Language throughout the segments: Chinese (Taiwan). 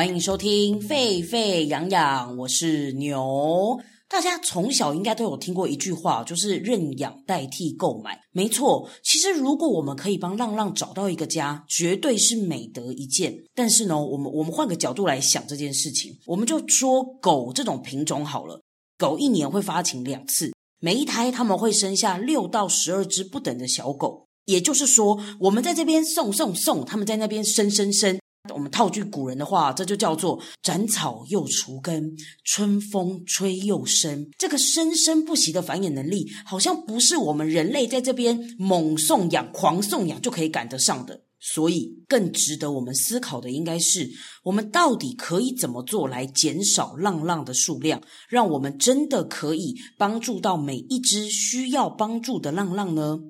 歡迎收聽《吠吠揚養》，我是牛。大家從小應該都有聽過一句話，就是“認養代替購買”。沒錯，其實如果我們可以幫浪浪找到一個家，絕對是美德一件。但是呢，我們我們換個角度來想這件事情，我們就說狗這種品種好了，狗一年會發情兩次，每一胎他們會生下六到十二隻不等的小狗。也就是說，我們在這邊送送送，他們在那邊生生生。我們套句古人的話，這就叫做“斬草又除根，春風吹又生”。這個生生不息的繁衍能力，好像不是我們人類在這邊猛送養、狂送養就可以趕得上的。所以，更值得我們思考的，應該是我們到底可以怎麼做來減少浪浪的數量，讓我們真的可以幫助到每一隻需要幫助的浪浪呢？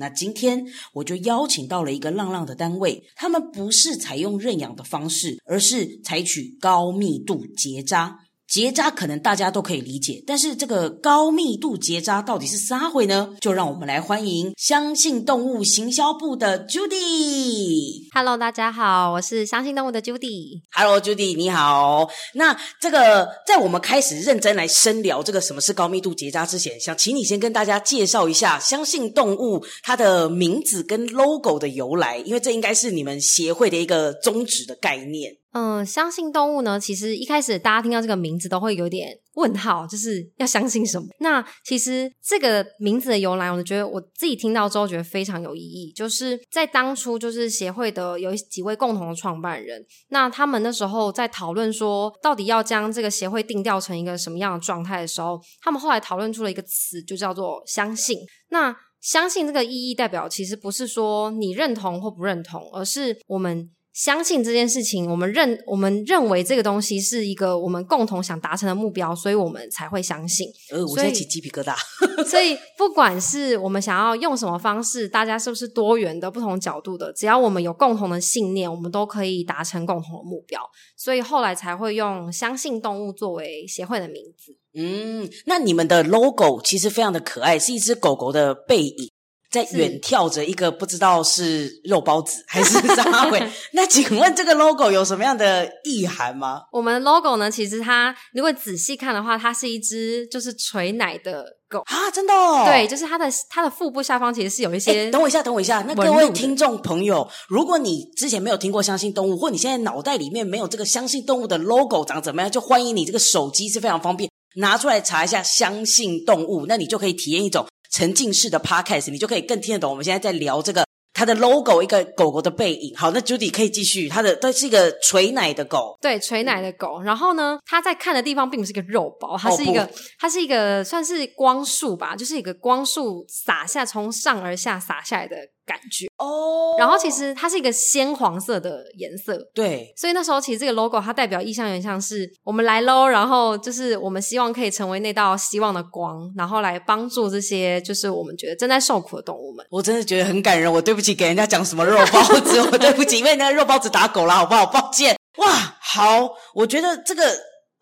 那今天我就邀請到了一個浪浪的單位，他們不是採用認養的方式，而是採取高密度結紮。結紮可能大家都可以理解，但是這個高密度結紮到底是啥會呢？就讓我們來歡迎相信動物行銷部的 Judy。Hello，大家好，我是相信動物的 Judy。Hello，Judy，你好。那這個在我們開始認真來深聊這個什麼是高密度結紮之前，想請你先跟大家介紹一下相信動物它的名字跟 logo 的由來，因為這應該是你們協會的一個宗旨的概念。嗯，相信動物呢，其實一開始大家聽到這個名字都會有點問號，就是要相信什麼？那其實這個名字的由來，我覺得我自己聽到之後覺得非常有意義。就是在當初，就是協會的有幾位共同的創辦人，那他們那時候在討論說，到底要將這個協會定調成一個什麼樣的狀態的時候，他們後來討論出了一個詞，就叫做“相信”。那“相信”這個意義代表，其實不是說你認同或不認同，而是我們。相信這件事情，我們認我們認為這個東西是一個我們共同想達成的目標，所以我們才會相信。呃，我現在起雞皮疙瘩。 所以不管是我們想要用什麼方式，大家是不是多元的不同角度的，只要我們有共同的信念，我們都可以達成共同的目標。所以後來才會用“相信動物”作為協會的名字。嗯，那你們的 logo 其實非常的可愛，是一隻狗狗的背影。在遠眺着一個不知道是肉包子還是紮馬尾。 那請問這個 logo 有什麼樣的意涵嗎？我們 logo 呢，其實它如果仔細看的話，它是一只就是垂奶的狗啊，真的。哦。對，就是它的它的腹部下方其實是有一些、欸。等我一下，等我一下。那各位聽眾朋友，如果你之前沒有聽過相信動物，或你現在腦袋裡面沒有這個相信動物的 logo 長怎麼樣，就歡迎你這個手機是非常方便拿出來查一下相信動物，那你就可以體驗一種。沉浸式的 podcast，你就可以更聽得懂我們現在在聊這個。它的 logo 一個狗狗的背影，好，那 Judy 可以繼續。它的，它是一個垂奶的狗，對，垂奶的狗。然後呢，它在看的地方並不是一個肉包，它是一個，哦，它是一個算是光束吧，就是一個光束灑下，從上而下灑下來的。感覺哦、oh，然後其實它是一個鮮黃色的顏色，對，所以那時候其實這個 logo 它代表意象有點像是我們來嘍，然後就是我們希望可以成為那道希望的光，然後來幫助這些就是我們覺得正在受苦的動物們。我真的覺得很感人，我對不起給人家講什麼肉包子， 我對不起因為那個肉包子打狗了，好不好？抱歉。哇，好，我覺得這個。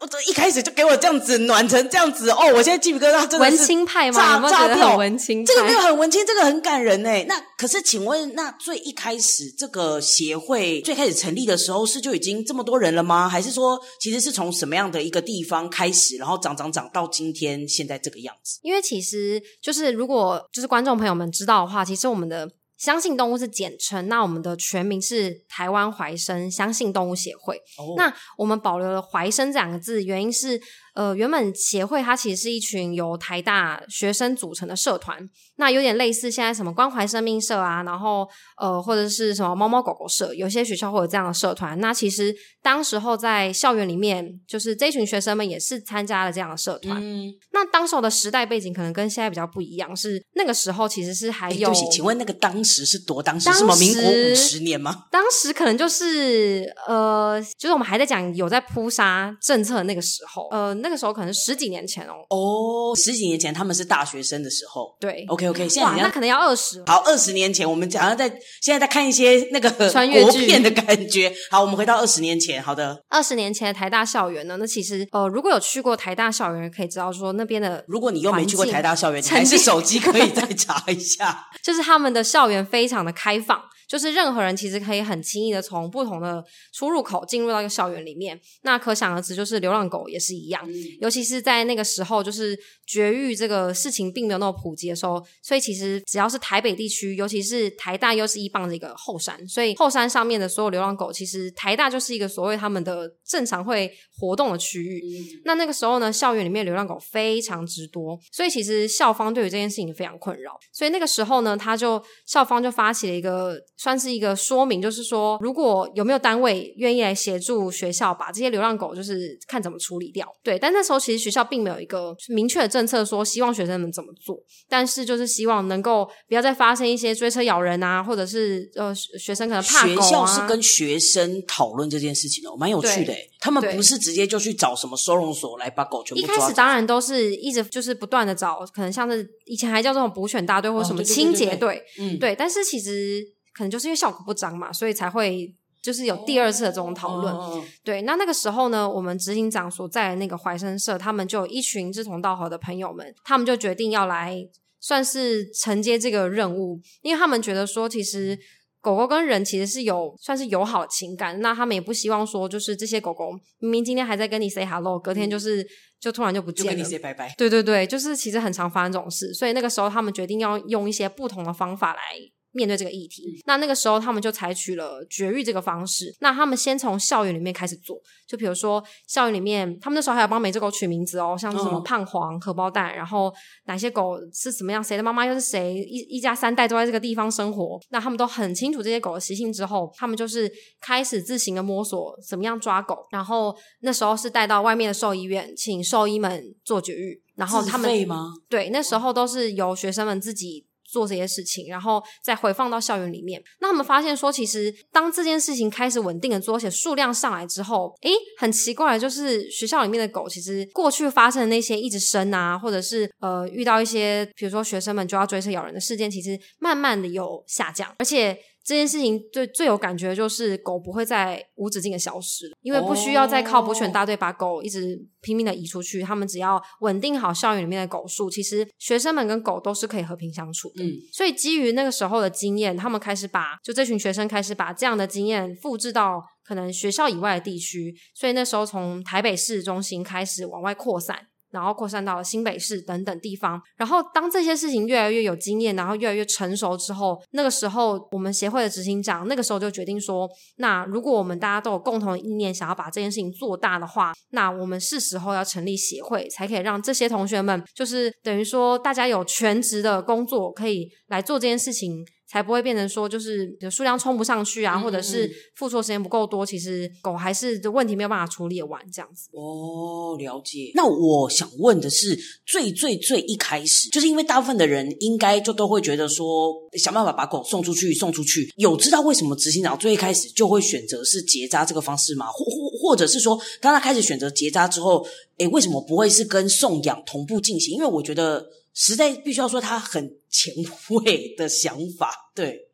我這一開始就給我這樣子暖成這樣子哦！我現在記不記得瘩真的文青派嗎？炸麼文青？這個沒有很文青，這個很感人哎。那可是，請問，那最一開始這個協會最開始成立的時候，是就已經這麼多人了嗎？還是說，其實是從什麼樣的一個地方開始，然後漲漲漲到今天現在這個樣子？因為其實就是如果就是觀眾朋友們知道的話，其實我們的。相信動物是簡稱，那我們的全名是台灣懷生相信動物協會。Oh. 那我們保留了“懷生”這兩個字，原因是。呃，原本協會它其實是一群由台大學生組成的社團，那有點類似現在什麼關懷生命社啊，然後呃或者是什麼貓貓狗狗社，有些學校會有這樣的社團。那其實當時候在校園裡面，就是這群學生們也是參加了這樣的社團。嗯，那當時候的時代背景可能跟現在比較不一樣，是那個時候其實是還有。欸，對不起，請問那個當時是多當時？是什麼民國五十年嗎？當時可能就是呃，就是我們還在講有在撲殺政策的那個時候，呃那。那個時候可能十幾年前哦，哦、oh，十幾年前他們是大學生的時候，對，OK OK，現在哇，那可能要二十，好，二十年前，我們講像在現在在看一些那個穿越劇的感覺，好，我們回到二十年前，好的，二十年前的台大校園呢，那其實呃，如果有去過台大校園，可以知道說那邊的，如果你又沒去過台大校園，你還是手機可以再查一下， 就是他們的校園非常的開放，就是任何人其實可以很輕易的從不同的出入口進入到一個校園裡面，那可想而知，就是流浪狗也是一樣。尤其是在那個時候，就是絕育這個事情並沒有那麼普及的時候，所以其實只要是台北地區，尤其是台大又是一棒子一個後山，所以後山上面的所有流浪狗，其實台大就是一個所謂他們的正常會活動的區域。那那個時候呢，校園裡面流浪狗非常之多，所以其實校方對於這件事情非常困擾。所以那個時候呢，他就校方就發起了一個，算是一個說明，就是說如果有沒有單位願意來協助學校把這些流浪狗，就是看怎麼處理掉，對。但那時候其實學校並沒有一個明確的政策說，希望學生能怎麼做，但是就是希望能夠不要再發生一些追車咬人啊，或者是呃學生可能怕狗、啊、學校是跟學生討論這件事情的、哦，蠻有趣的。他們不是直接就去找什麼收容所來把狗全部抓，一開始當然都是一直就是不斷的找，可能像是以前還叫這種捕犬大隊或者什麼清潔隊、哦對對對對，嗯，對。但是其實可能就是因為效果不彰嘛，所以才會。就是有第二次的這種討論，oh, oh. 對。那那個時候呢，我們執行長所在的那個懷生社，他們就有一群志同道合的朋友們，他們就決定要來算是承接這個任務，因為他們覺得說，其實狗狗跟人其實是有算是友好情感，那他們也不希望說，就是這些狗狗明明今天還在跟你 say hello，、嗯、隔天就是就突然就不見了，就跟你 say 拜拜。對對對，就是其實很常發生這種事，所以那個時候他們決定要用一些不同的方法來。面對這個議題，那那個時候他們就採取了絕育這個方式。那他們先從校園裡面開始做，就比如說校園裡面，他們那時候還有幫每隻狗取名字哦，像什麼胖黃、嗯、荷包蛋，然後哪些狗是怎麼樣，誰的媽媽又是誰，一一家三代都在這個地方生活。那他們都很清楚這些狗的習性之後，他們就是開始自行的摸索怎麼樣抓狗，然後那時候是帶到外面的獸醫院，請獸醫們做絕育，然後他們廢嗎？對，那時候都是由學生們自己。做這些事情，然後再回放到校園裡面。那我們發現說，其實當這件事情開始穩定的做，且數量上來之後，哎，很奇怪的，就是學校裡面的狗，其實過去發生的那些一直生啊，或者是呃遇到一些，比如說學生們就要追着咬人的事件，其實慢慢的有下降，而且，這件事情最最有感覺的就是狗不會再無止境的消失，因為不需要再靠捕犬大隊把狗一直拼命的移出去，哦，他們只要穩定好校園裡面的狗數，其實學生們跟狗都是可以和平相處的。嗯，所以基於那個時候的經驗，他們開始把就這群學生開始把這樣的經驗複製到可能學校以外的地區，所以那時候從台北市中心開始往外擴散。然後擴散到了新北市等等地方。然後當這些事情越來越有經驗，然後越來越成熟之後，那個時候我們協會的執行長，那個時候就決定說，那如果我們大家都有共同的意念，想要把這件事情做大的話，那我們是時候要成立協會，才可以讓這些同學們，就是等於說大家有全職的工作，可以來做這件事情。才不會變成說，就是數量衝不上去啊，嗯嗯，或者是付出的時間不夠多，其實狗還是的問題沒有辦法處理完這樣子。哦，了解。那我想問的是，最最最一開始，就是因為大部分的人應該就都會覺得說，想辦法把狗送出去，送出去。有知道為什麼執行長最一開始就會選擇是結紮這個方式嗎？或或或者是說，當他開始選擇結紮之後，哎、欸，為什麼不會是跟送養同步進行？因為我覺得。實在必須要說，他很前衛的想法，對，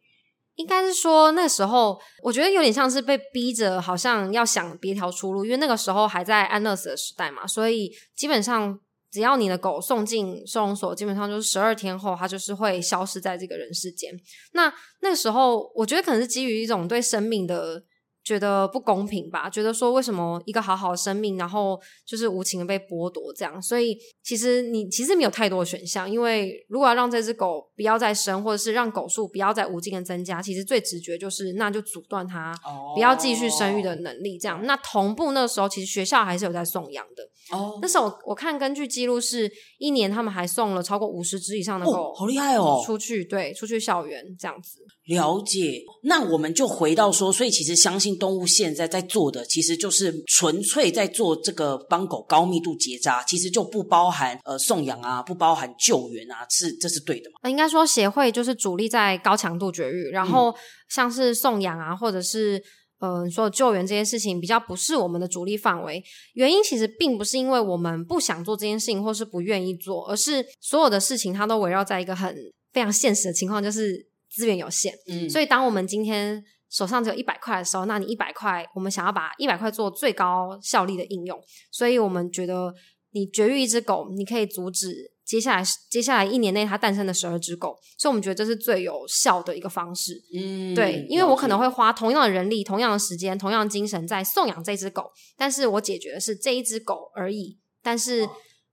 應該是說那時候，我覺得有點像是被逼着，好像要想別條出路，因為那個時候還在安樂死的時代嘛，所以基本上只要你的狗送進收容所，基本上就是十二天後，它就是會消失在這個人世間。那那個時候，我覺得可能是基於一種對生命的。覺得不公平吧？覺得說，為什麼一個好好的生命，然後就是無情的被剝奪這樣？所以其實你其實沒有太多的選項，因為如果要讓這隻狗不要再生，或者是讓狗數不要再無盡的增加，其實最直覺就是那就阻斷它不要繼續生育的能力。這樣。哦，那同步那時候其實學校還是有在送養的哦。那時候我，我看根據記錄是一年他們還送了超過五十只以上的狗，哦，好厲害哦！出去。對，出去校園這樣子。了解。那我們就回到說，所以其實相信。動物現在在做的，其實就是純粹在做這個幫狗高密度結紮，其實就不包含呃送養啊，不包含救援啊，是這是對的嗎？應該說，協會就是主力在高強度絕育，然後像是送養啊，或者是呃所有救援這些事情，比較不是我們的主力範圍。原因其實並不是因為我們不想做這件事情，或是不願意做，而是所有的事情它都圍繞在一個很非常現實的情況，就是資源有限。嗯，所以當我們今天，手上只有一百塊的時候，那你一百塊，我們想要把一百塊做最高效率的應用，所以我們覺得你絕育一隻狗，你可以阻止接下來接下來一年內它誕生的十二隻狗，所以我們覺得這是最有效的一個方式。嗯，對，因為我可能會花同樣的人力、嗯、同樣的時間、同樣的精神在送養這隻狗，但是我解決的是這一隻狗而已。但是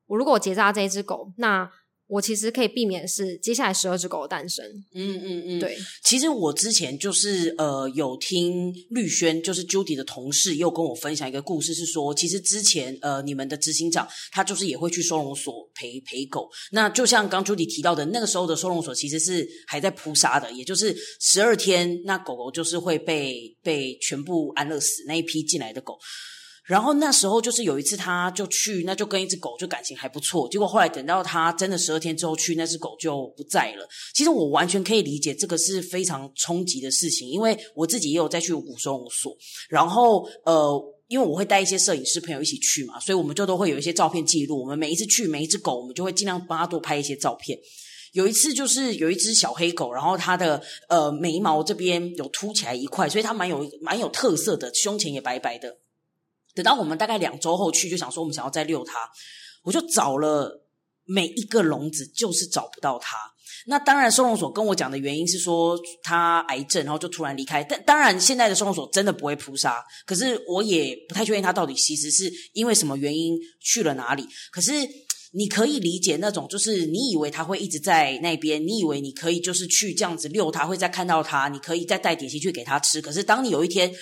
我如果結扎這隻狗，那。我其實可以避免是接下來十二隻狗的誕生。嗯嗯嗯，對。其實我之前就是呃有聽綠軒，就是 Judy 的同事又跟我分享一個故事，是說其實之前呃你們的執行長他就是也會去收容所陪陪狗。那就像剛 Judy 提到的，那個時候的收容所其實是還在撲殺的，也就是十二天，那狗狗就是會被被全部安樂死，那一批進來的狗。然後那時候就是有一次，他就去，那就跟一隻狗就感情還不錯。結果後來等到他真的十二天之後去，那隻狗就不在了。其實我完全可以理解，這個是非常衝擊的事情。因為我自己也有再去五股所，然後呃，因為我會帶一些攝影師朋友一起去嘛，所以我們就都會有一些照片記錄。我們每一次去每一隻狗，我們就會盡量幫它多拍一些照片。有一次就是有一隻小黑狗，然後它的呃眉毛這邊有凸起來一塊，所以它蠻有蠻有特色的，胸前也白白的。等到我們大概兩周後去，就想說我們想要再遛它，我就找了每一個籠子，就是找不到它。那當然，收容所跟我講的原因是說它癌症，然後就突然離開。但當然，現在的收容所真的不會撲殺，可是我也不太確定它到底其實是因為什麼原因去了哪裡。可是你可以理解那種，就是你以為它會一直在那邊，你以為你可以就是去這樣子遛它，會再看到它，你可以再帶點心去給它吃。可是當你有一天……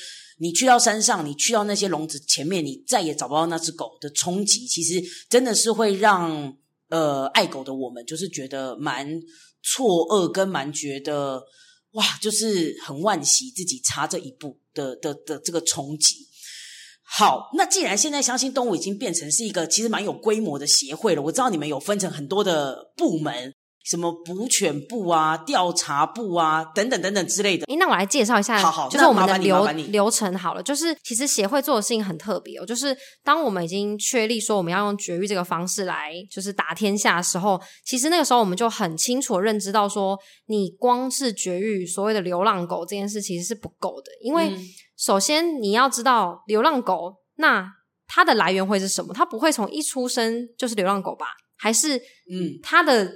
你去到山上，你去到那些籠子前面，你再也找不到那隻狗的衝擊，其實真的是會讓呃愛狗的我們，就是覺得蠻錯愕，跟蠻覺得哇，就是很惋惜自己差這一步的的的，的這個衝擊。好，那既然現在相信動物已經變成是一個其實蠻有規模的協會了，我知道你們有分成很多的部門。什麼捕犬部啊、調查部啊等等等等之類的。哎、欸，那我來介紹一下，好好，就是我們的流流程好了。就是其實協會做的事情很特別哦，就是當我們已經確立說我們要用絕育這個方式來就是打天下的時候，其實那個時候我們就很清楚的認知到說，你光是絕育所謂的流浪狗這件事其實是不夠的，因為首先你要知道流浪狗那它的來源會是什麼？它不會從一出生就是流浪狗吧？還是嗯，它的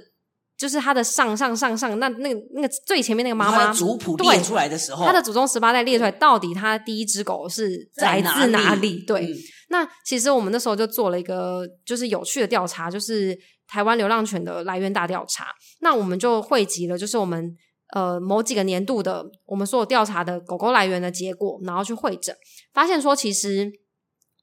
就是他的上上上上，那那個那個最前面那個媽媽，祖譜列出來的時候，他的祖宗十八代列出來，到底他第一隻狗是來自哪裡？哪裡對，嗯、那其實我們那時候就做了一個就是有趣的調查，就是台灣流浪犬的來源大調查。那我們就匯集了，就是我們呃某幾個年度的我們所有調查的狗狗來源的結果，然後去會診，發現說其實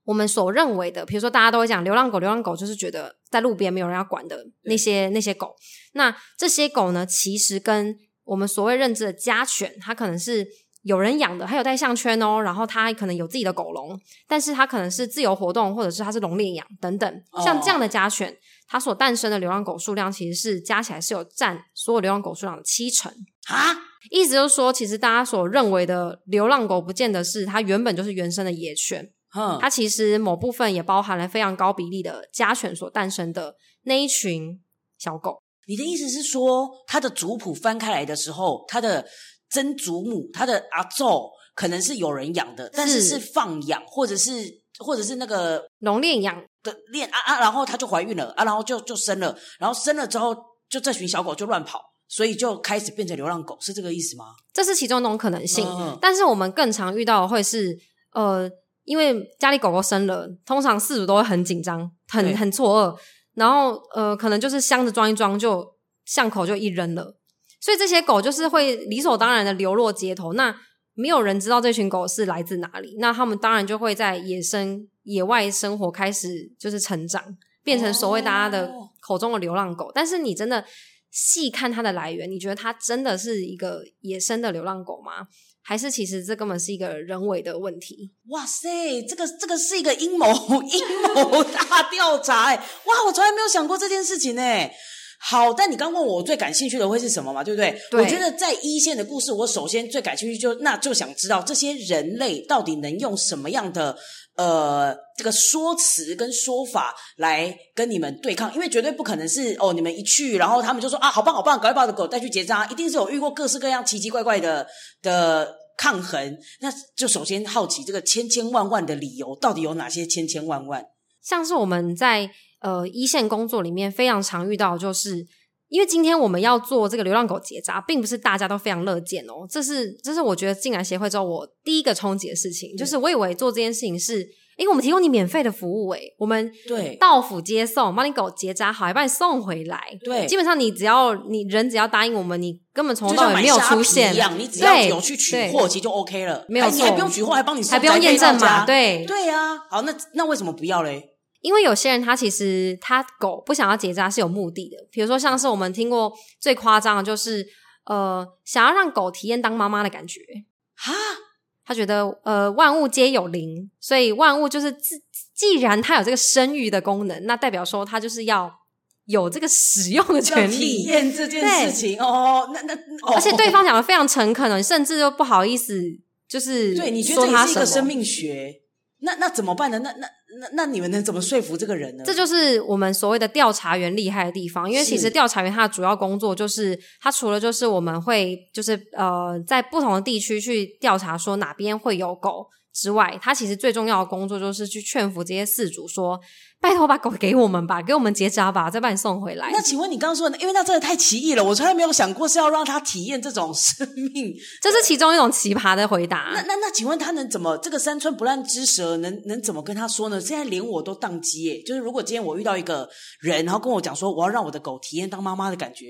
我們所認為的，比如說大家都會講流浪狗，流浪狗就是覺得。在路邊沒有人要管的那些那些狗，那這些狗呢？其實跟我們所謂認知的家犬，它可能是有人養的，它有戴項圈哦，然後它可能有自己的狗籠，但是它可能是自由活動，或者是它是籠裡養等等。Oh. 像這樣的家犬，它所誕生的流浪狗數量，其實是加起來是有佔所有流浪狗數量的七成啊！Huh? 意思就是說，其實大家所認為的流浪狗，不見得是它原本就是原生的野犬。嗯，它其實某部分也包含了非常高比例的家犬所誕生的那一群小狗。你的意思是說，它的族譜翻開來的時候，它的曾祖母、它的阿祖可能是有人養的，但是是放養，或者是或者是那個農練養的練啊啊，然後它就懷孕了啊，然後就就生了，然後生了之後就這群小狗就亂跑，所以就開始變成流浪狗，是這個意思嗎？這是其中一種可能性，嗯嗯，但是我們更常遇到的會是呃。因為家裡狗狗生了，通常飼主都會很緊張，很很錯愕，然後呃，可能就是箱子裝一裝，就巷口就一扔了，所以這些狗就是會理所當然的流落街頭。那沒有人知道這群狗是來自哪裡，那他們當然就會在野生野外生活，開始就是成長，變成所謂大家的口中的流浪狗，哦。但是你真的細看它的來源，你覺得它真的是一個野生的流浪狗嗎？還是其實這根本是一個人為的問題。哇塞，這個這個是一個陰謀，陰謀大調查哎、欸！哇，我從來沒有想過這件事情呢、欸。好，但你剛問我，我最感興趣的會是什麼嘛？對不對，對？我覺得在一線的故事，我首先最感興趣就那就想知道這些人類到底能用什麼樣的。呃，這個說辭跟說法來跟你們對抗，因為絕對不可能是哦，你們一去，然後他們就說啊，好棒好棒，趕快把我的狗帶去結扎，一定是有遇過各式各樣奇奇怪怪的的抗衡。那就首先好奇這個千千萬萬的理由到底有哪些千千萬萬，像是我們在呃一線工作裡面非常常遇到的，就是。因為今天我們要做這個流浪狗結紮，並不是大家都非常樂見哦。這是，這是我覺得進來協會之後，我第一個衝擊的事情，嗯，就是我以為做這件事情是，因為我們提供你免費的服務誒，誒我們對到府接送，幫你狗結紮好，還把你送回來。對，基本上你只要你人只要答應我們，你根本從頭到尾沒有出現一樣，你只要有去取貨，其實就 OK 了，沒有錯，還，還不用取貨，還幫你，還不用驗證嘛，對，對啊。好，那那為什麼不要嘞？因為有些人他其實他狗不想要結紮是有目的的，比如說像是我們聽過最誇張的就是，呃，想要讓狗體驗當媽媽的感覺哈，他覺得呃萬物皆有靈，所以萬物就是既然它有這個生育的功能，那代表說它就是要有這個使用的權利，體驗這件事情哦，那那、哦、而且對方講的非常誠懇的，甚至都不好意思，就是對你說它是一個生命學。那那怎麼辦呢？那那那那你們能怎麼說服這個人呢？這就是我們所謂的調查員厲害的地方，因為其實調查員他的主要工作就是，是他除了就是我們會就是呃，在不同的地區去調查，說哪邊會有狗。之外，他其實最重要的工作就是去勸服這些飼主說：“拜託，把狗給我們吧，給我們結紮、啊、吧，再把你送回來。”那請問你剛剛說的，因為那真的太奇異了，我從來沒有想過是要讓他體驗這種生命，這是其中一種奇葩的回答。那、啊、那那，那那請問他能怎麼？這個三寸不爛之舌能能怎麼跟他說呢？現在連我都當機耶！就是如果今天我遇到一個人，然後跟我講說，我要讓我的狗體驗當媽媽的感覺，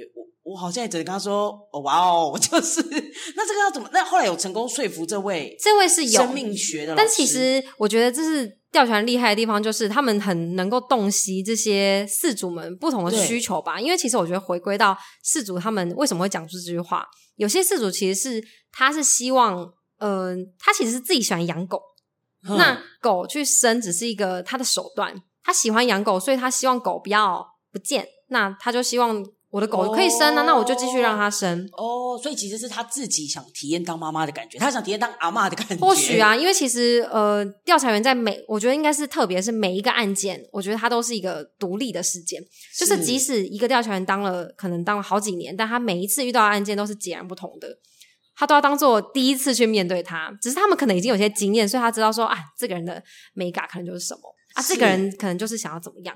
我好像也只直跟他說、哦：“哇哦，我就是那這個要怎麼？那後來有成功說服這位，這位是有生命學的。但其實我覺得這是調船厲害的地方，就是他們很能夠洞悉這些事主們不同的需求吧。因為其實我覺得回歸到事主他們為什麼會講出這句話？有些事主其實是他是希望，嗯、呃，他其實是自己喜歡養狗、嗯，那狗去生只是一個他的手段。他喜歡養狗，所以他希望狗不要不見，那他就希望。”我的狗可以生啊，oh, 那我就繼續讓它生。哦、oh, oh，所以其實是他自己想體驗當媽媽的感覺，他想體驗當阿嬤的感覺。或許啊，因為其實呃，調查員在每，我覺得應該是特別是每一個案件，我覺得他都是一個獨立的事件。就是即使一個調查員當了，可能當了好幾年，但他每一次遇到案件都是截然不同的，他都要當做第一次去面對他。只是他們可能已經有些經驗，所以他知道說啊，這個人的眉角可能就是什麼啊，這個人可能就是想要怎麼樣。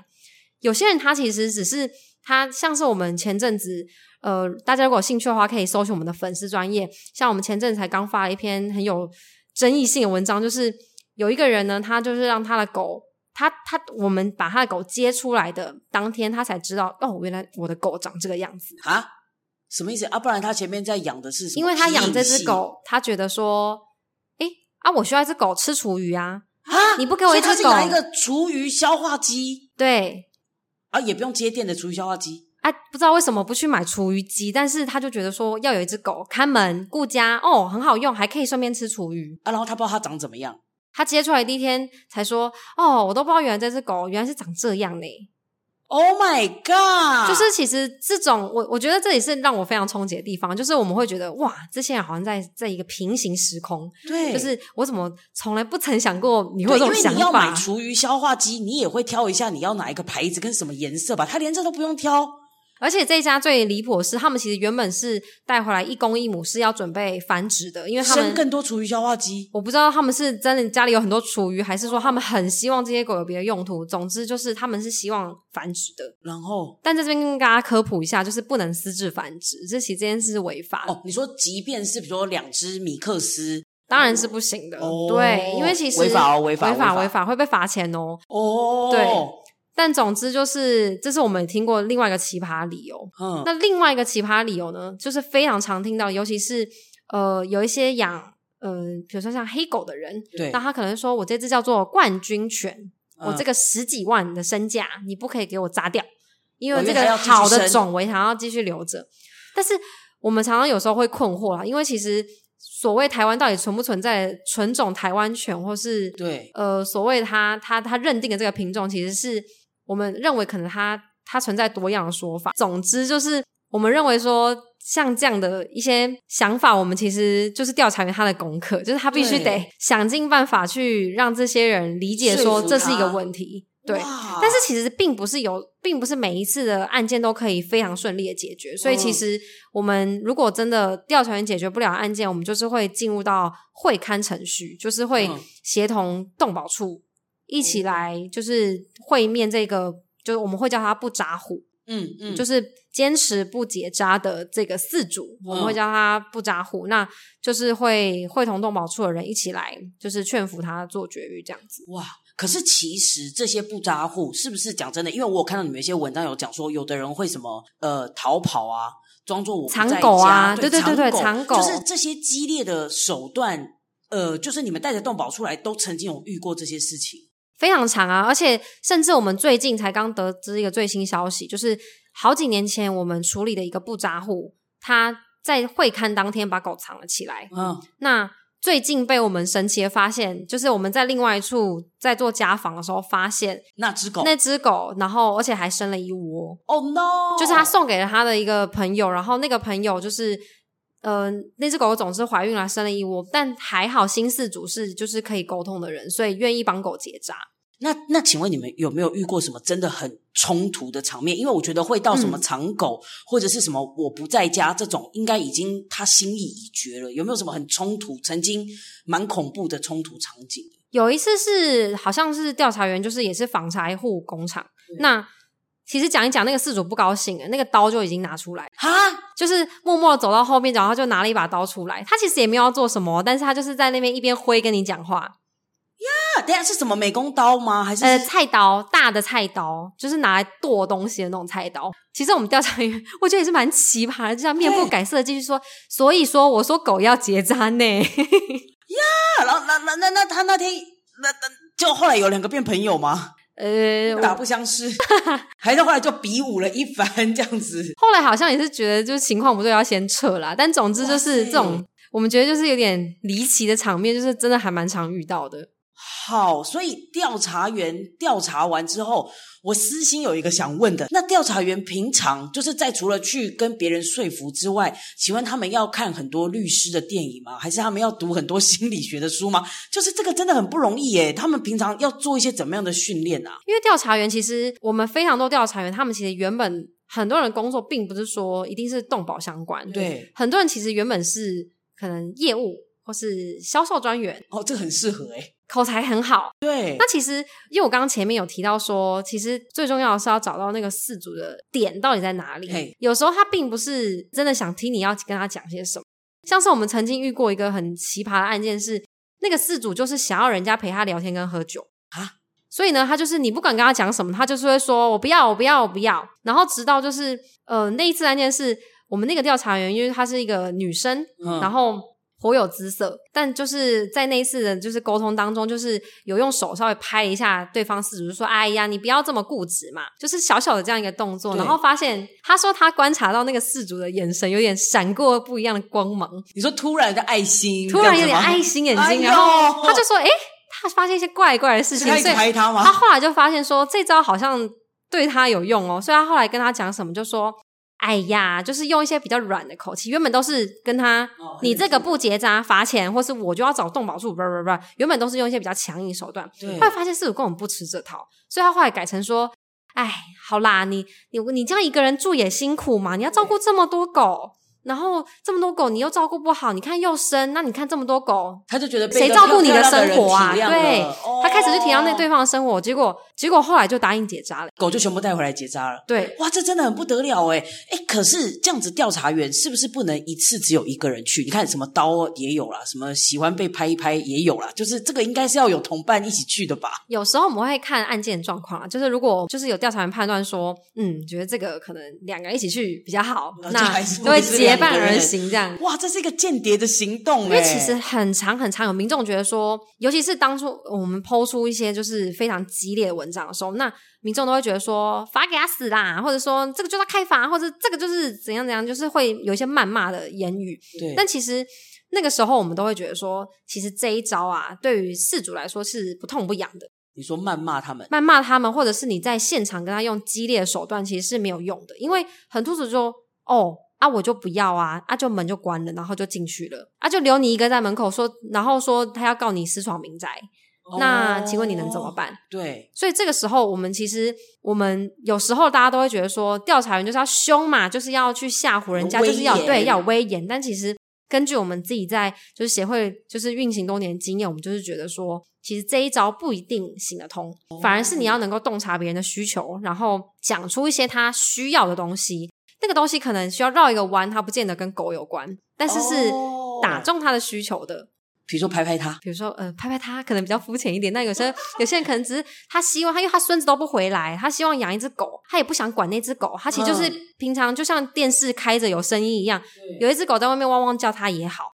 有些人他其實只是。它像是我們前陣子，呃，大家如果有興趣的話，可以搜尋我們的粉絲專頁。像我們前陣子才剛發了一篇很有爭議性的文章，就是有一個人呢，他就是讓他的狗，他他我們把他的狗接出來的當天，他才知道哦，原來我的狗長這個樣子啊？什麼意思啊？不然他前面在養的是什麼？因為他養這隻狗，他覺得說，誒、欸，啊，我需要一隻狗吃廚餘啊啊！你不給我一隻狗，他拿一個廚餘消化機，對。啊，也不用接電的廚餘消化機。啊，不知道為什麼不去買廚餘機，但是他就覺得說要有一隻狗看門顧家哦，很好用，還可以順便吃廚餘。啊，然後他不知道它長怎麼樣。他接出來第一天才說，哦，我都不知道原來這隻狗原來是長這樣呢。Oh my god！就是其實這種，我我覺得這也是讓我非常衝擊的地方，就是我們會覺得哇，這些人好像在在一個平行時空。對，就是我怎麼從來不曾想過你會想你要買廚餘消化機，你也會挑一下你要哪一個牌子跟什麼顏色吧？它連這都不用挑。而且這一家最離譜的是，他們其實原本是帶回來一公一母，是要準備繁殖的，因為他們生更多廚餘消化機。我不知道他們是真的家裡有很多廚餘，還是說他們很希望這些狗有別的用途。總之就是他們是希望繁殖的。然後，但在這邊跟大家科普一下，就是不能私自繁殖，這其實這件事是違法的哦。你說，即便是比如說兩隻米克斯，當然是不行的。哦、對，因為其實違法哦，違法，違法，違法，違法，違法，會被罰錢哦。哦，對。但總之就是，這是我們聽過另外一個奇葩理由。嗯，那另外一個奇葩理由呢，就是非常常聽到，尤其是呃，有一些養呃，比如說像黑狗的人，對，那他可能說：“我這只叫做冠軍犬，嗯，我這個十幾萬的身價，你不可以給我砸掉，因為這個好的種我也，我想要繼續留着。”但是我們常常有時候會困惑啦，因為其實所謂台灣到底存不存在純種台灣犬，或是對呃，所謂他他他認定的這個品種，其實是。我們認為可能它它存在多樣的說法。總之就是，我們認為說像這樣的一些想法，我們其實就是調查員他的功課，就是他必須得想盡辦法去讓這些人理解說這是一個問題。對，但是其實並不是有，並不是每一次的案件都可以非常順利的解決。所以其實我們如果真的調查員解決不了的案件，我們就是會進入到會勘程序，就是會協同動保處。一起來就是會面這個，嗯、就是我們會叫他不扎虎，嗯嗯，就是堅持不結扎的這個飼主、嗯，我們會叫他不扎虎、嗯,那就是會會同動保處的人一起來，就是勸服他做絕育這樣子。哇，可是其實這些不扎虎是不是講真的？因為我有看到你們一些文章有講說，有的人會什麼呃逃跑啊，裝作我不在家，藏狗啊，對，對對對對，藏狗、長狗就是這些激烈的手段，呃，就是你們帶着動保出來都曾經有遇過這些事情。非常長啊，而且甚至我們最近才剛得知一個最新消息，就是好幾年前我們處理的一個不紮戶，他在會刊當天把狗藏了起來。嗯、哦，那最近被我們神奇的發現，就是我們在另外一處在做家訪的時候發現那隻狗，那隻狗，然後而且還生了一窩。哦、oh, no！就是他送給了他的一個朋友，然後那個朋友就是。嗯、呃，那隻狗狗總是懷孕了，啊，生了一窩，但還好新飼主，是就是可以溝通的人，所以願意幫狗結紮。那那，請問你們有沒有遇過什麼真的很衝突的場面？因為我覺得會到什麼藏狗、嗯、或者是什麼我不在家這種，應該已經他心意已決了。有沒有什麼很衝突，曾經蠻恐怖的衝突場景？有一次是好像是調查員，就是也是放飼戶工廠，嗯、那。其實講一講，那個事主不高興了，那個刀就已經拿出來哈，就是默默走到後面，然後他就拿了一把刀出來。他其實也沒有要做什麼，但是他就是在那邊一邊揮跟你講話呀。等下是什麼美工刀嗎？還是、呃、菜刀？大的菜刀，就是拿來剁東西的那種菜刀。其實我們調查員我覺得也是蠻奇葩的，就像面不改色的繼續說。所以說我說狗要結紮呢。 呀，然後，然後那那那那他那天那那就後來有兩個變朋友嗎？呃，打不相識，哈哈， 還是後來就比武了一番這樣子。後來好像也是覺得就是情況不對，要先撤啦，但總之就是這種，我們覺得就是有點離奇的場面，就是真的還蠻常遇到的。好，所以調查員調查完之後，我私心有一個想問的。那調查員平常就是在除了去跟別人說服之外，請問他們要看很多律師的電影嗎？還是他們要讀很多心理學的書嗎？就是這個真的很不容易耶。他們平常要做一些怎麼樣的訓練啊？因為調查員其實我們非常多調查員，他們其實原本很多人工作並不是說一定是動保相關，對，很多人其實原本是可能業務或是銷售專員。哦，這很適合哎。口才很好，對。那其實，因為我剛剛前面有提到說，其實最重要的是要找到那個事主的點到底在哪裡。有時候他並不是真的想聽你要跟他講些什麼。像是我們曾經遇過一個很奇葩的案件是，是那個事主就是想要人家陪他聊天跟喝酒啊。所以呢，他就是你不管跟他講什麼，他就是會說“我不要，我不要，我不要”。然後直到就是，呃，那一次案件是，我們那個調查員，因為她是一個女生，嗯、然後。頗有姿色，但就是在那一次的，就是溝通當中，就是有用手稍微拍一下對方事主，說：“哎呀，你不要這麼固執嘛。”就是小小的這樣一個動作，然後發現他說他觀察到那個事主的眼神有點閃過不一樣的光芒。你說突然的愛心，突然有點愛心眼睛，哎、然後他就說：“哎，他發現一些怪怪的事情。”所以拍他嗎？他後來就發現說這招好像對他有用哦，所以他後來跟他講什麼，就說。哎呀，就是用一些比較軟的口氣，原本都是跟他，哦、你這個不結紮罰錢，或是我就要找動保住，不不不，原本都是用一些比較強硬手段，對，後來發現是主根本不吃這套，所以他後來改成說：“哎，好啦，你你你這樣一個人住也辛苦嘛，你要照顧這麼多狗。”然後這麼多狗，你又照顧不好，你看又生，那你看這麼多狗，他就覺得被誰照顧你的生活啊？對、哦，他開始就提到那對方的生活，結果結果後來就答應結紮了，狗就全部帶回來結紮了。對，哇，這真的很不得了哎哎！可是這樣子，調查員是不是不能一次只有一個人去？你看什麼刀也有了，什麼喜歡被拍一拍也有了，就是這個應該是要有同伴一起去的吧？有時候我們會看案件狀況啊，就是如果就是有調查員判斷說，嗯，覺得這個可能兩個人一起去比較好，嗯、那就會直接。半人行。這樣哇，這是一個間諜的行動欸。因為其實很常很常有民眾覺得說，尤其是當初我們拋出一些就是非常激烈的文章的時候，那民眾都會覺得說，罰給他死啦，或者說這個就他開罰，或者這個就是怎樣怎樣，就是會有一些謾罵的言語。對，但其實那個時候我們都會覺得說，其實這一招啊，對於事主來說是不痛不癢的。你說謾罵他們，謾罵他們，或者是你在現場跟他用激烈的手段，其實是沒有用的，因為很多時候說哦。啊，我就不要啊，啊，就門就關了，然後就進去了，啊，就留你一個在門口說，然後說他要告你私闖民宅。哦，那請問你能怎麼辦？對，所以這個時候我們其實我們有時候大家都會覺得說，調查員就是要凶嘛，就是要去嚇唬人家，就是要對要有威嚴，但其實根據我們自己在就是協會就是運行多年經驗，我們就是覺得說，其實這一招不一定行得通，哦。反而是你要能夠洞察別人的需求，然後講出一些他需要的東西。這個東西可能需要繞一個彎，它不見得跟狗有關，但是是打中它的需求的。哦、比如說拍拍它，比如說呃拍拍它，可能比較膚淺一點。但有些有些人可能只是他希望他，因為他孫子都不回來，他希望養一隻狗，他也不想管那隻狗，他其實就是、嗯、平常就像電視開着有聲音一樣，有一隻狗在外面汪汪叫他也好。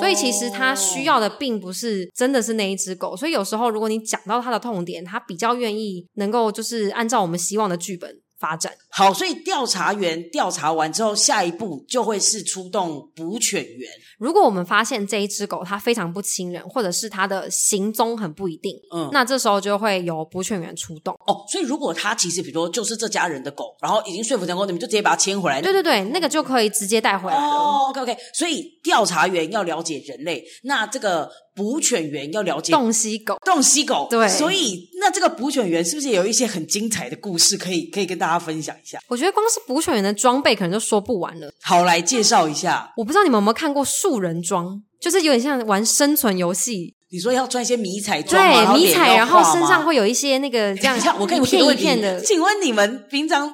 所以其實他需要的並不是真的是那一隻狗。所以有時候如果你講到他的痛點，他比較願意能夠就是按照我們希望的劇本發展好，所以調查員調查完之後，下一步就會是出動捕犬員。如果我們發現這一只狗它非常不親人，或者是它的行蹤很不一定，嗯，那這時候就會有捕犬員出動。哦，所以如果它其實比如說就是這家人的狗，然後已經說服成功，你們就直接把它牽回來。對對對，那個就可以直接帶回來。哦，OK OK。所以調查員要了解人類，那這個捕犬員要了解。洞悉狗，洞悉狗。對，所以那這個捕犬員是不是也有一些很精彩的故事可以可以跟大家分享一下？我覺得光是捕犬員的裝備可能就說不完了。好，來介紹一下。我不知道你們有沒有看過樹。素人裝就是有點像玩生存遊戲。你說要穿一些迷彩裝嗎？對，迷彩，然後身上會有一些那個這樣一我一片一片的。請問你們平常？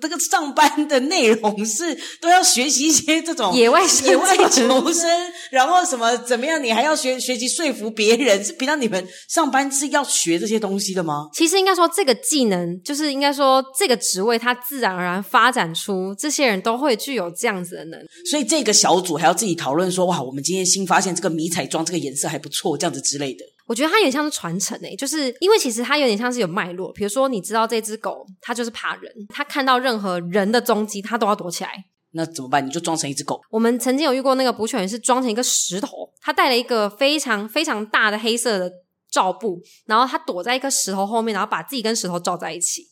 這個上班的內容是都要學習一些這種野外野外求生，然後什麼怎麼樣？你還要學學習說服別人，是？平常你們上班是要學這些東西的嗎？其實應該說，這個技能就是應該說這個職位，它自然而然發展出這些人都會具有這樣子的能力。所以這個小組還要自己討論說：哇，我們今天新發現這個迷彩裝，這個顏色還不錯，這樣子之類的。我覺得它有點像是傳承誒，就是因為其實它有點像是有脈絡。比如說，你知道這隻狗，它就是怕人，它看到任何人的蹤跡，它都要躲起來。那怎麼辦？你就裝成一隻狗。我們曾經有遇過那個捕犬員是裝成一個石頭，他帶了一個非常非常大的黑色的罩布，然後他躲在一顆石頭後面，然後把自己跟石頭罩在一起。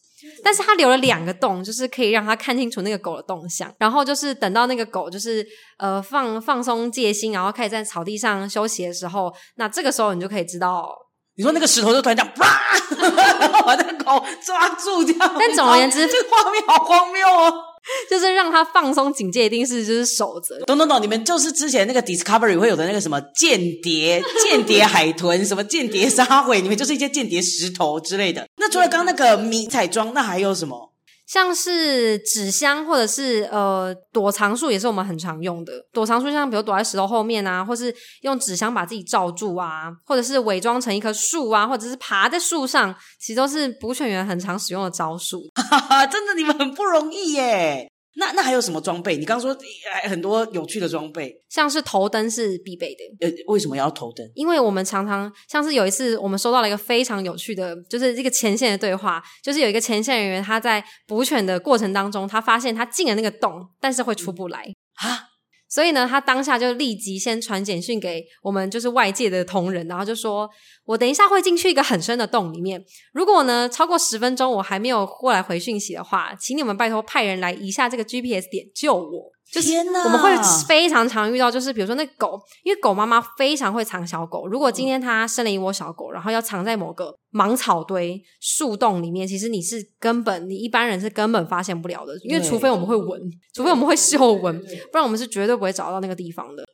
但是他留了兩個洞，就是可以讓他看清楚那個狗的動向。然後就是等到那個狗就是呃放放鬆戒心，然後開始在草地上休息的時候，那這個時候你就可以知道，你說那個石頭就突然這樣啪，然後把那個狗抓住這樣。但總而言之， 這個畫面好荒謬哦。就是讓他放鬆警戒，一定是就是守着。懂懂懂，你們就是之前那個 Discovery 會有的那個什麼間諜、間諜海豚， 什麼間諜鯊魚，你們就是一些間諜石頭之類的。那除了剛剛那個迷彩裝，那還有什麼？像是紙箱或者是呃躲藏術也是我們很常用的躲藏術，像比如躲在石頭後面啊，或是用紙箱把自己罩住啊，或者是偽裝成一棵樹啊，或者是爬在樹上，其實都是捕犬員很常使用的招數。 真的，你們很不容易耶。那那還有什麼裝備？你剛剛說很多有趣的裝備，像是頭燈是必備的。呃，為什麼要頭燈？因為我們常常像是有一次，我們收到了一個非常有趣的，就是這個前線的對話，就是有一個前線人員他在捕犬的過程當中，他發現他進了那個洞，但是會出不來啊。嗯所以呢，他當下就立即先傳簡訊給我們，就是外界的同仁，然後就說：“我等一下會進去一個很深的洞裡面，如果呢超過十分鐘我還沒有過來回訊息的話，請你們拜托派人來移下這個 GPS 點救我。”就是我們會非常常遇到，就是比如說那狗，因為狗媽媽非常會藏小狗。如果今天它生了一窩小狗，然後要藏在某個芒草堆、樹洞裡面，其實你是根本你一般人是根本發現不了的，因為除非我們會聞，除非我們會嗅聞，不然我們是絕對不會找到那個地方的。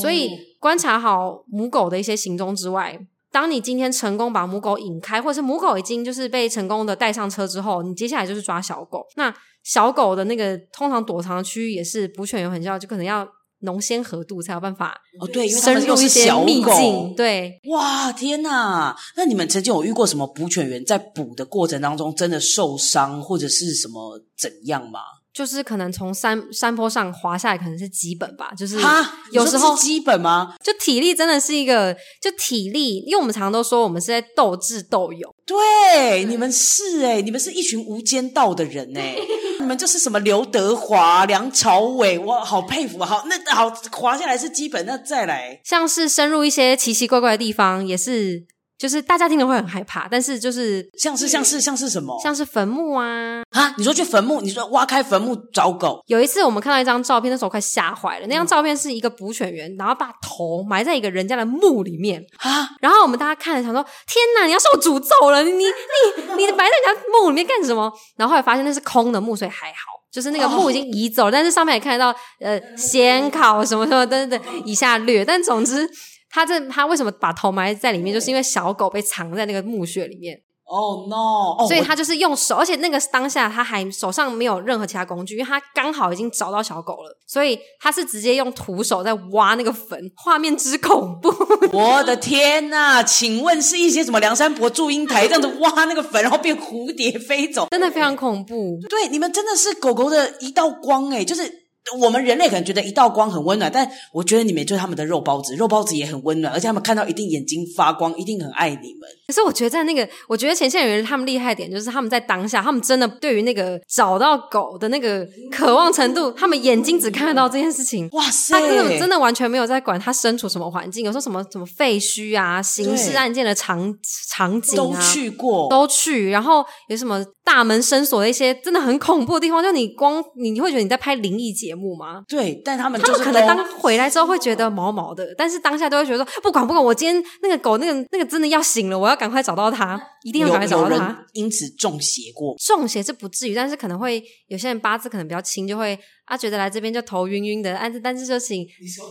所以觀察好母狗的一些行蹤之外，當你今天成功把母狗引開，或者是母狗已經就是被成功的帶上車之後，你接下來就是抓小狗。那小狗的那個通常躲藏區域也是捕犬員很重要，就可能要濃先和度才有辦法哦。對，因為是小狗深入一些秘境，對。哇天哪！那你們曾經有遇過什麼捕犬員在捕的過程當中真的受傷或者是什麼怎樣嗎？就是可能從山山坡上滑下來，可能是基本吧。就是啊，有時候有是基本嗎？就體力真的是一個，就體力，因為我們常常都說我們是在鬥智鬥勇。對，你們是哎、欸，你們是一群無間道的人哎、欸， 你們就是什麼劉德華、梁朝偉，我，好佩服，好，那好滑下來是基本，那再來，像是深入一些奇奇怪怪的地方也是。就是大家聽了會很害怕，但是就是像是、欸、像是像是什麼，像是墳墓啊啊！你說去墳墓，你說挖開墳墓找狗。有一次我們看到一張照片的時候，快嚇壞了。那張照片是一個捕犬員、嗯，然後把頭埋在一個人家的墓裡面啊！然後我們大家看了，想說：天哪！你要受詛咒了！你你你，埋在人家墓裡面幹什麼？然後後來發現那是空的墓，所以還好，就是那個墓已經移走了，了、哦，但是上面也看得到呃，先考什麼什麼等等，以下略。但總之。他這，他為什麼把頭埋在裡面？就是因為小狗被藏在那個墓穴裡面。Oh no！Oh, 所以他就是用手，而且那個當下他還手上沒有任何其他工具，因為他剛好已經找到小狗了，所以他是直接用徒手在挖那個墳，畫面之恐怖！我的天哪！請問是一些什麼梁山伯、祝英台這樣子挖那個墳，然後變蝴蝶飛走，真的非常恐怖。Oh. 對，你們真的是狗狗的一道光欸，就是。我們人類可能覺得一道光很溫暖，但我覺得你們就是他們的肉包子，肉包子也很溫暖，而且他們看到一定眼睛發光，一定很愛你們。可是我覺得在那個，我覺得前線人員他們厲害一點，就是他們在當下，他們真的對於那個找到狗的那個渴望程度，他們眼睛只看得到這件事情，哇塞，他真的真的完全沒有在管他身處什麼環境，有時候什麼什麼廢墟啊、刑事案件的場場景啊，都去過，都去，然後有什麼大門深鎖的一些真的很恐怖的地方，就你光你會覺得你在拍靈異節。節目嗎？對，但他們就是他們可能當回來之後會覺得毛毛的，是毛毛的，但是當下都會覺得說不管不管，我今天那個狗那個那個真的要醒了，我要趕快找到它，一定要趕快找到它因此中邪過？中邪是不至於，但是可能會有些人八字可能比較輕，就會啊覺得來這邊就頭暈暈的，但是但是就請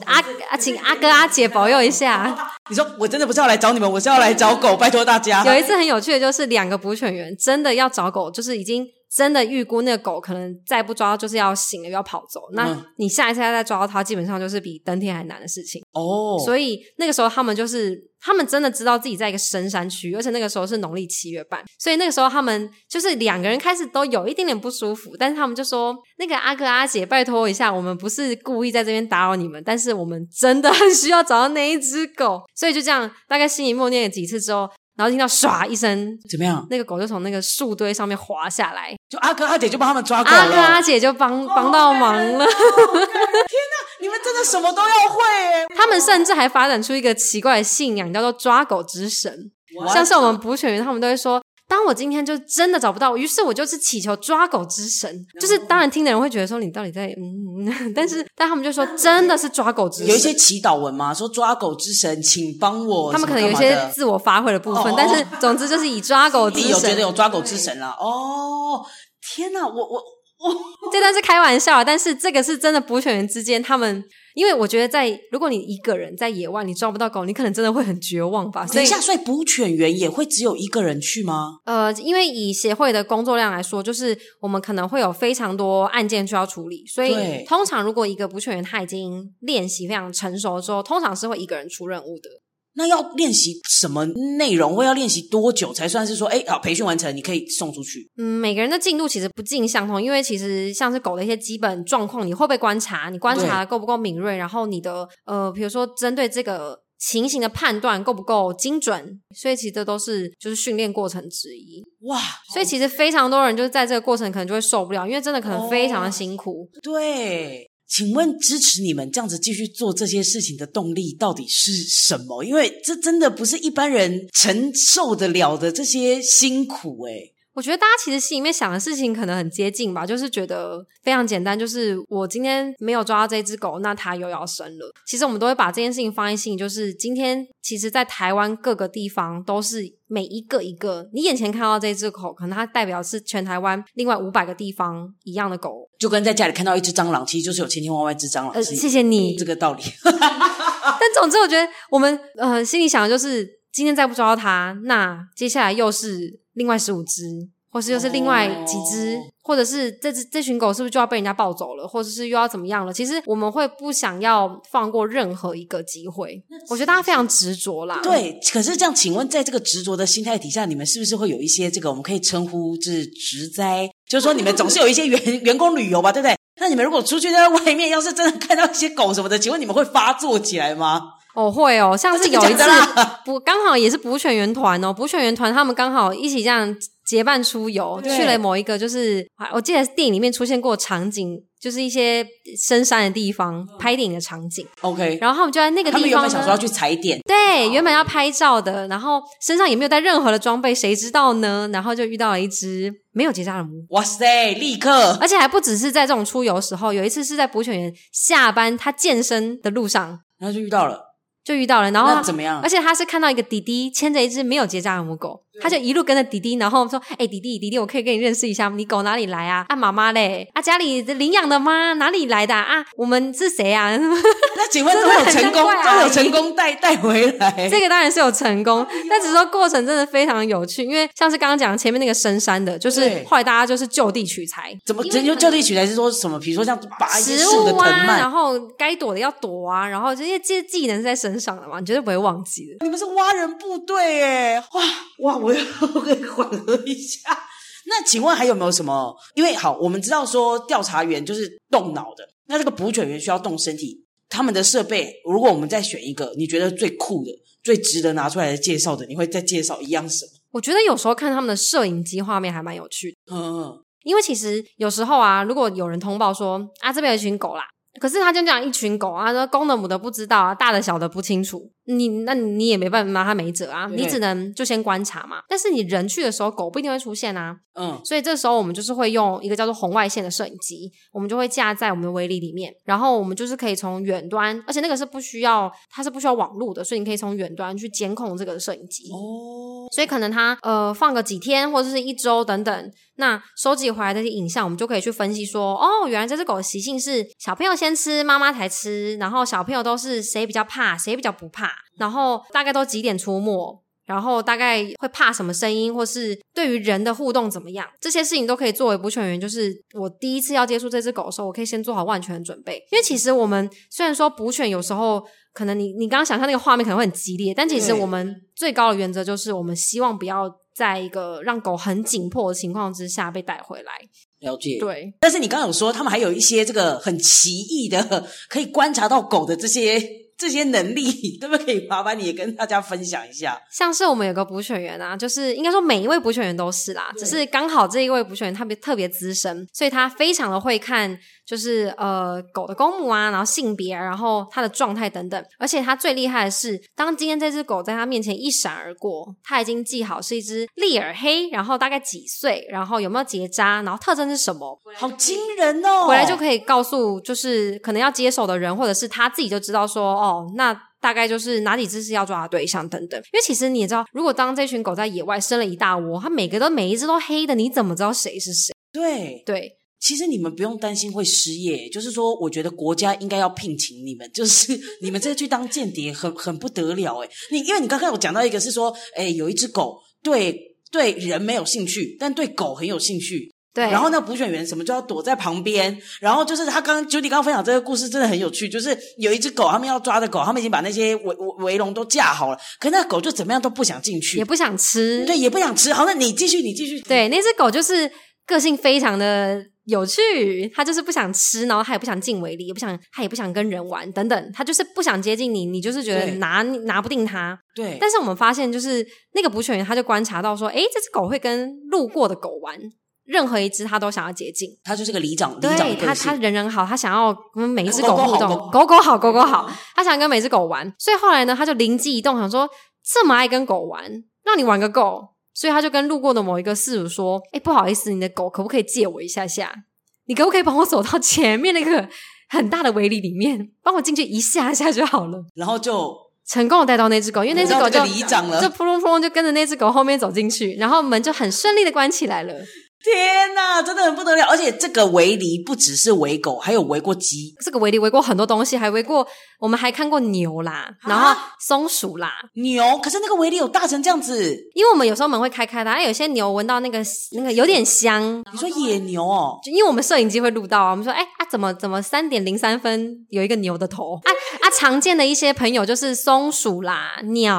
阿阿請阿哥阿姐保佑一下，你說我真的不是要來找你們，我是要來找狗，拜託大家。 有一次很有趣的，就是兩個捕犬員真的要找狗，就是已經。真的預估那個狗可能再不抓到就是要醒了，要跑走，那你下一次要再抓到它，基本上就是比登天還難的事情哦。Oh. 所以那個時候他們就是他們真的知道自己在一個深山區，而且那個時候是農曆七月半，所以那個時候他們就是兩個人開始都有一點點不舒服，但是他們就說：“那個阿哥阿姐，拜託一下，我們不是故意在這邊打擾你們，但是我們真的很需要找到那一隻狗。”所以就這樣，大概心裡默念了幾次之後。然後聽到唰一聲，怎麼樣？那個狗就從那個樹堆上面滑下來，就阿哥阿姐就幫他們抓狗了。阿哥阿姐就幫幫到忙了。Oh, okay. Oh, okay. 天哪，你們真的什麼都要會誒！他們甚至還發展出一個奇怪的信仰，叫做抓狗之神。Wow. 像是我們捕犬員，他們都會說。當我今天就真的找不到，於是我就是祈求抓狗之神。就是當然聽的人會覺得說你到底在嗯、嗯，但是但他們就說真的是抓狗之神，有一些祈禱文嘛，說抓狗之神，請幫我。他們可能有一些自我發揮的部分，哦哦，但是總之就是以抓狗之神。自有覺得有抓狗之神了，啊、哦，天吶，我我我這段是開玩笑啊，但是這個是真的，捕犬員之間他們。因為我覺得在，在如果你一個人在野外你抓不到狗，你可能真的會很絕望吧。等一下，所以捕犬員也會只有一個人去嗎？呃，因為以協會的工作量來說，就是我們可能會有非常多案件需要處理，所以通常如果一個捕犬員他已經練習非常成熟之後，通常是會一個人出任務的。那要練習什麼內容，或要練習多久才算是說，哎，好，培訓完成，你可以送出去。嗯，每個人的進度其實不盡相同，因為其實像是狗的一些基本狀況，你會不會觀察，你觀察得夠不夠敏銳，然後你的呃，比如說針對這個情形的判斷夠不夠精準，所以其實這都是就是訓練過程之一。哇，所以其實非常多人就是在這個過程可能就會受不了，因為真的可能非常的辛苦。哦、對。請問，支持你們這樣子繼續做這些事情的動力到底是什麼？因為這真的不是一般人承受得了的這些辛苦，欸，哎。我覺得大家其實心裡面想的事情可能很接近吧，就是覺得非常簡單，就是我今天沒有抓到這隻狗，那它又要生了。其實我們都會把這件事情放在心裡，就是今天其實，在台灣各個地方都是每一個一個，你眼前看到這隻狗，可能它代表是全台灣另外五百個地方一樣的狗，就跟在家裡看到一隻蟑螂，其實就是有千千萬萬隻蟑螂。呃，謝謝你，這個道理。 但總之，我覺得我們呃心裡想的就是，今天再不抓到它，那接下來又是。另外十五隻，或是，又是另外幾隻，哦，或者是這隻這群狗是不是就要被人家抱走了，或者是又要怎麼樣了？其實我們會不想要放過任何一個機會，我覺得大家非常執着啦。對，可是這樣，請問在這個執着的心態底下，你們是不是會有一些這個我們可以稱呼就是職災？就是說你們總是有一些員 員工旅遊吧，對不對？那你們如果出去在外面，要是真的看到一些狗什麼的，請問你們會發作起來嗎？哦會哦，像是有一次捕剛好也是捕犬員團，哦，捕犬員團他們剛好一起這樣結伴出遊，去了某一個就是我記得電影裡面出現過場景，就是一些深山的地方拍電影的場景。嗯、OK，然後他們就在那個地方，他們原本想說要去踩點，對，原本要拍照的，okay。然後身上也沒有帶任何的裝備，誰知道呢？然後就遇到了一隻沒有結紮的母，哇塞，立刻，而且還不只是在這種出遊的時候，有一次是在捕犬員下班他健身的路上，然後就遇到了。就遇到了，然後那怎麼樣？而且他是看到一個弟弟牽着一隻沒有結紮的母狗。他就一路跟着弟弟，然後說：“哎、欸，弟弟弟弟，我可以跟你認識一下嗎？你狗哪裡來啊？啊，媽媽嘞？啊，家裡領養的嗎？哪裡來的啊？啊我們是誰啊？那請問，都有成功，都有成功帶帶、啊、回來？這個當然是有成功，哎、但只是說過程真的非常有趣，因為像是剛剛講前面那個深山的，就是後來大家就是就地取材，怎麼？就就地取材是說什麼？比如說像拔一些樹的藤蔓，啊、然後該躲的要躲啊，然後這些技技能是在身上的嘛，你絕對不會忘記的。你們是蛙人部隊哎、欸，哇哇！”我要可以緩和一下。那請問還有沒有什麼？因為好，我們知道說調查員就是動腦的，那這個捕犬員需要動身體。他們的設備，如果我們再選一個，你覺得最酷的、最值得拿出來介紹的，你會再介紹一樣什麼？我覺得有時候看他們的攝影機畫面還蠻有趣的。嗯，嗯，嗯，因為其實有時候啊，如果有人通報說啊，這邊有一群狗啦，可是他就講一群狗啊，公的母的不知道啊，大的小的不清楚。你，那你也沒辦法，拿它沒轍啊。對對，你只能就先觀察嘛。但是你人去的時候，狗不一定會出現啊。嗯，所以這時候我們就是會用一個叫做紅外線的攝影機，我們就會架在我們的圍籬裡面，然後我們就是可以從遠端，而且那個是不需要，它是不需要網路的，所以你可以從遠端去監控這個攝影機。哦，所以可能它呃放個幾天或者是一周等等，那收集回來的影像，我們就可以去分析說，哦，原來這只狗的習性是小朋友先吃，媽媽才吃，然後小朋友都是誰比較怕，誰比較不怕。然後大概都幾點出沒？然後大概會怕什麼聲音，或是對於人的互動怎麼樣？這些事情都可以作為捕犬員。就是我第一次要接觸這只狗的時候，我可以先做好萬全的準備。因為其實我們雖然說捕犬有時候可能你你剛剛想象那個畫面可能會很激烈，但其實我們最高的原則就是我們希望不要在一個讓狗很緊迫的情況之下被帶回來。了解。對。但是你剛剛有說，他們還有一些這個很奇異的，可以觀察到狗的這些。這些能力，對不對？可以麻煩你也跟大家分享一下？像是我們有個補選員啊，就是應該說每一位補選員都是啦，只是剛好這一位補選員他特別特別資深，所以他非常的會看。就是呃，狗的公母啊，然後性別，然後它的狀態等等，而且它最厲害的是，當今天這隻狗在它面前一閃而過，它已經記好是一隻立耳黑，然後大概幾歲，然後有沒有結紮，然後特徵是什麼，好驚人哦！回來就可以告訴，就是可能要接手的人，或者是他自己就知道說，哦，那大概就是哪幾隻是要抓的對象等等。因為其實你也知道，如果當這群狗在野外生了一大窩，它每個都每一隻都黑的，你怎麼知道誰是誰？對對。其實你們不用擔心會失業，就是說，我覺得國家應該要聘請你們，就是你們這去當間諜很、很很不得了誒，你因為你剛剛有講到一個，是說，誒有一只狗對對人沒有興趣，但對狗很有興趣，對。然後那個捕選員什麼就要躲在旁邊，然後就是他剛 Judy 剛分享這個故事，真的很有趣，就是有一只狗，他們要抓的狗，他們已經把那些圍圍籠都架好了，可是那狗就怎麼樣都不想進去，也不想吃，對，也不想吃。好，那你繼續，你繼續。對，那只狗就是個性非常的。有趣，他就是不想吃，然後他也不想進圍籬，也不想他也不想跟人玩等等，他就是不想接近你，你就是覺得拿你拿不定他。對。但是我們發現，就是那個捕犬員他就觀察到說，誒，這只狗會跟路過的狗玩，任何一隻他都想要接近，他就是個里長，里長對，長，他他人人好，他想要跟每一隻狗互動，狗狗好狗狗好，他想要跟每隻狗玩，所以後來呢，他就靈機一動，想說這麼愛跟狗玩，讓你玩個夠。所以他就跟路過的某一個飼主說：“哎，不好意思，你的狗可不可以借我一下下？你可不可以幫我走到前面那個很大的圍籬裡面，幫我進去一下一下就好了。”然後就成功的帶到那隻狗，因為那隻狗就離長了，就撲通撲通就跟着那隻狗後面走進去，然後門就很順利的關起來了。天吶，真的很不得了！而且這個圍籬不只是圍狗，還有圍過雞。這個圍籬圍過很多東西，還圍過我們還看過牛啦，啊，然後松鼠啦，牛。可是那個圍籬有大成這樣子，因為我們有時候門會開開的，哎，有些牛聞到那個那個有點香。你說野牛哦，就因為我們攝影機會錄到，我們說哎啊，怎，怎麼怎麼三點零三分有一個牛的頭？哎啊，啊常見的一些朋友就是松鼠啦、鳥。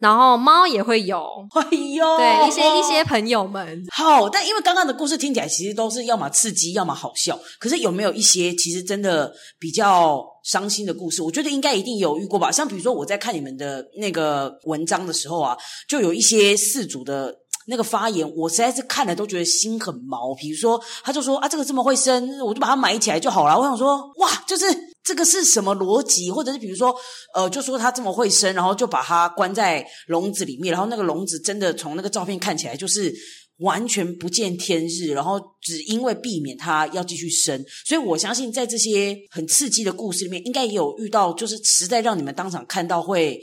然後貓也會有，會有，哎喲，對，一些一些朋友們。好，但因為剛剛的故事聽起來其實都是要麼刺激，要麼好笑，可是有沒有一些其實真的比較傷心的故事？我覺得應該一定有遇過吧。像比如說我在看你們的那個文章的時候啊，就有一些失主的。那個發言，我實在是看了都覺得心很毛。比如說，他就說啊，這個這麼會生，我就把它埋起來就好了。我想說，哇，就是這個是什麼邏輯？或者是比如說，呃，就說它這麼會生，然後就把它關在籠子裡面，然後那個籠子真的從那個照片看起來就是完全不見天日，然後只因為避免它要繼續生。所以我相信，在這些很刺激的故事裡面，應該也有遇到，就是實在讓你們當場看到會。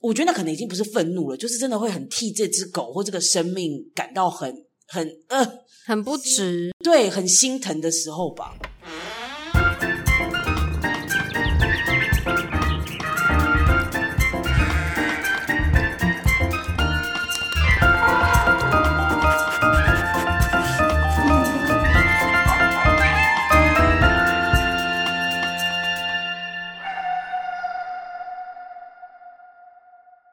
我覺得那可能已經不是憤怒了，就是真的會很替這隻狗或這個生命感到很很呃，很不值，對，很心疼的時候吧。